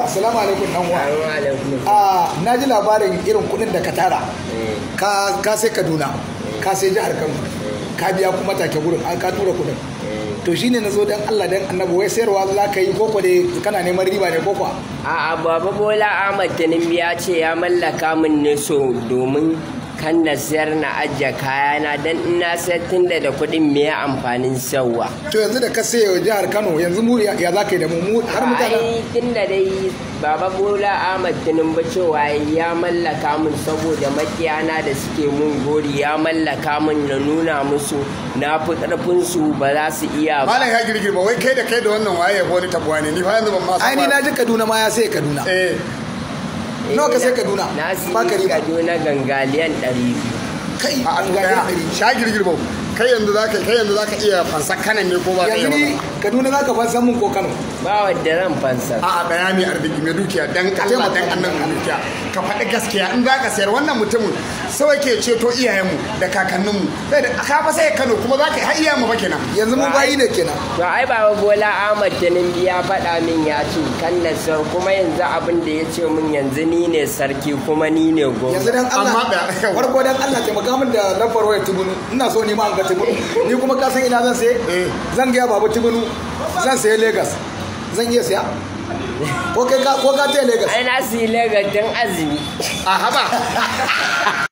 Assalamu alaikum dan uwa. Ah, na ji labarin irin kuɗin da ka tara. Eh. Ka ka sai Kaduna, eh. ka sai jihar Kano. Eh. Ka biya kuma take gurin, an ka tura kuɗin. To shine na zo dan Allah dan Annabi wai sayarwa za ka yi koko da kana neman riba ne koko? A'a Baba Bola Ahmad Tinubu ya ce ya mallaka min ne so domin kan na sayar na ajiye kayana don ina sayar tun da kuɗin me ya amfanin sauwa. To yanzu da ka sayo jihar Kano yanzu mu ya za ka yi da mu har mutane. Ai tun da dai Baba Bola Ahmad Tinubu cewa ya mallaka min saboda makiyana da suke mun gori ya mallaka mun na nuna musu na fi ƙarfin su ba za su iya ba. Malam ya girgirma wai kai da kai da wannan waye ko wani tabuwa ne ni fa yanzu ban ma. Ai ni na ji Kaduna ma ya sai Kaduna. Eh. Eh, nawa ka sai kaduna ba ka riba kaduna gangaliyan 200 kai a gangaliyan 100 sha girgirbau kai yanzu ka kai yanzu ka iya fansa kanan ne ko ba kai yanzu Kaduna ka fansa mun ko Kano ba da ran fansa a a bayani arziki mai dukiya dan Allah dan annan dukiya ka faɗi gaskiya in ka sayar wannan mutumin sai ke ceto mu da mu sai da ka fa sai Kano kuma zaka har mu ba kenan yanzu mun bayi ne kenan to ai baba Bola Ahmad Tinubu ya faɗa min ya ce kan nasar kuma yanzu abin da ya ce min yanzu ni ne sarki kuma ni ne gwamnati yanzu dan Allah farko dan Allah taimaka min da lambar waya tubun ina so ne ma an ga tibu ni kuma ka ina zan saye eh. zan gaya babu tibinu zan saye lagos zan iya saya ko kai ko ka ta lagos ai na sayi lagos don azumi a haba